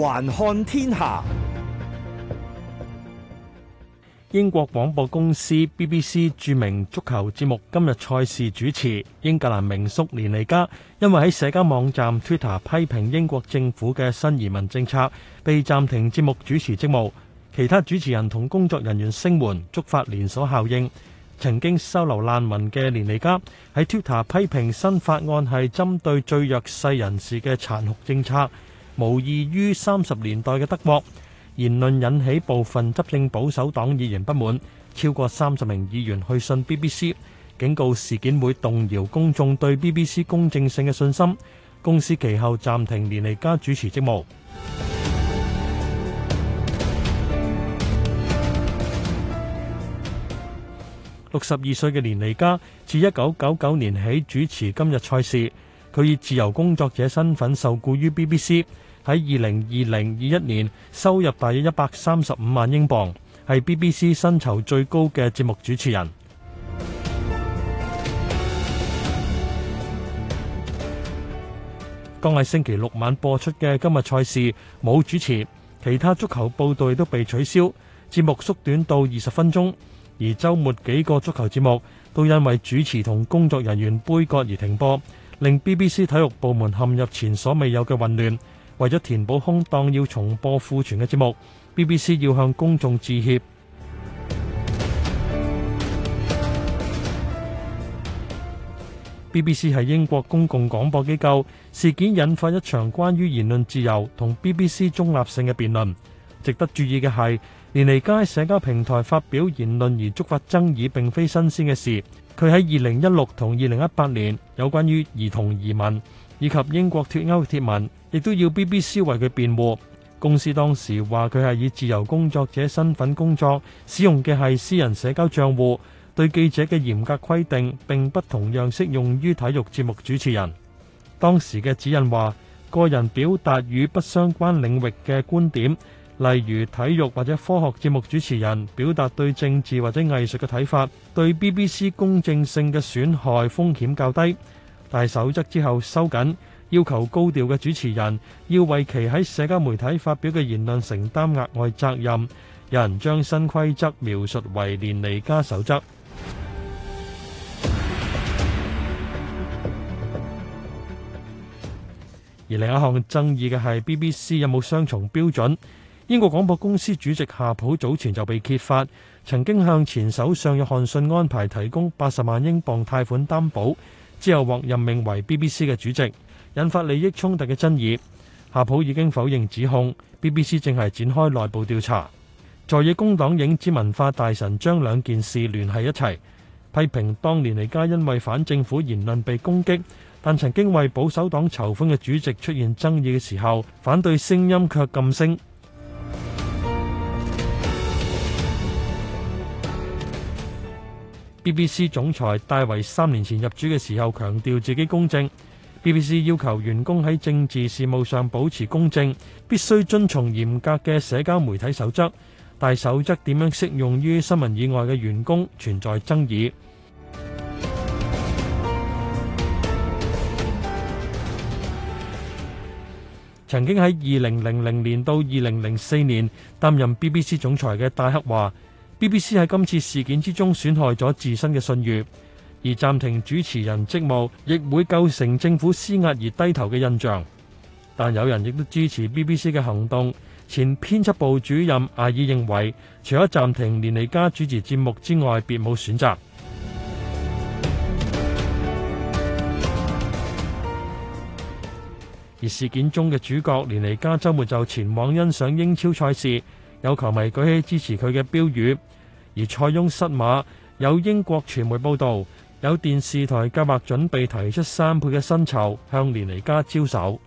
環看天下，英國廣播公司 BBC 著名足球節目今日賽事主持英格蘭名宿連尼加，因為喺社交網站 Twitter 批評英國政府嘅新移民政策，被暫停節目主持職務。其他主持人同工作人員聲援，觸發連鎖效應。曾經收留難民嘅連尼加喺 Twitter 批評新法案係針對最弱勢人士嘅殘酷政策。無異於三十年代嘅德國，言論引起部分執政保守黨議員不滿，超過三十名議員去信 BBC，警告事件會動搖公眾對 BBC 公正性嘅信心。公司其後暫停連尼加主持職務。六十二歲嘅連尼加自一九九九年起主持今日賽事。佢以自由工作者身份受僱於 BBC，喺二零二零二一年收入大約一百三十五萬英鎊，係 BBC 薪酬最高嘅節目主持人。剛喺星期六晚播出嘅今日賽事冇主持，其他足球報導亦都被取消，節目縮短到二十分鐘。而周末幾個足球節目都因為主持同工作人員杯葛而停播。令 BBC 體育部門陷入前所未有嘅混亂，為咗填補空檔要重播庫存嘅節目，BBC 要向公眾致歉。BBC 係英國公共廣播機構，事件引發一場關於言論自由同 BBC 中立性嘅辯論。值得注意嘅係，連尼加喺社交平台發表言論而觸發爭議並非新鮮嘅事，佢喺2016同2018年有關於兒童移民，以及英國脫歐嘅貼文，亦都要 BBC 為佢辯護，公司當時話佢係以自由工作者身份工作，使用嘅係私人社交賬戶，對記者嘅嚴格規定並不同樣適用於體育節目主持人。當時嘅指引話個人表達與不相關領域嘅觀點例如體育或者科學節目主持人表達對政治或者藝術嘅睇法，對 BBC 公正性嘅損害風險較低。但守則之後收緊，要求高調嘅主持人要為其喺社交媒體發表嘅言論承擔額外責任。有人將新規則描述為連尼加守則。而另一項爭議嘅係 BBC 有冇雙重標準。英國廣播公司主席夏普早前就被揭發，曾經向前首相約翰遜安排提供八十萬英鎊貸款擔保，之後獲任命為 BBC 嘅主席，引發利益衝突嘅爭議。夏普已經否認指控，BBC 正係展開內部調查。在野工黨影子文化大臣將兩件事聯繫一齊，批評當年連尼加因為反政府言論被攻擊，但曾經為保守黨籌款嘅主席出現爭議嘅時候，反對聲音卻噤聲。BBC 總裁戴維三年前入主嘅時候，強調自己公正。BBC 要求員工喺政治事務上保持公正，必須遵從嚴格嘅社交媒體守則。但係守則點樣適用於新聞以外嘅員工，存在爭議。 曾經喺二零零零年到二零零四年擔任 BBC 總裁嘅戴克話。BBC 喺今次事件之中損害咗自身嘅信譽，而暫停主持人職務亦會構成政府施壓而低頭嘅印象。但有人亦都支持 BBC 嘅行動。前編輯部主任阿爾認為，除咗暫停連尼加主持節目之外，別無選擇。而事件中嘅主角連尼加週末就前往欣賞英超賽事。有球迷舉起支持佢嘅標語，而塞翁失馬，有英國傳媒報道，有電視台計劃準備提出三倍嘅薪酬向連尼加招手。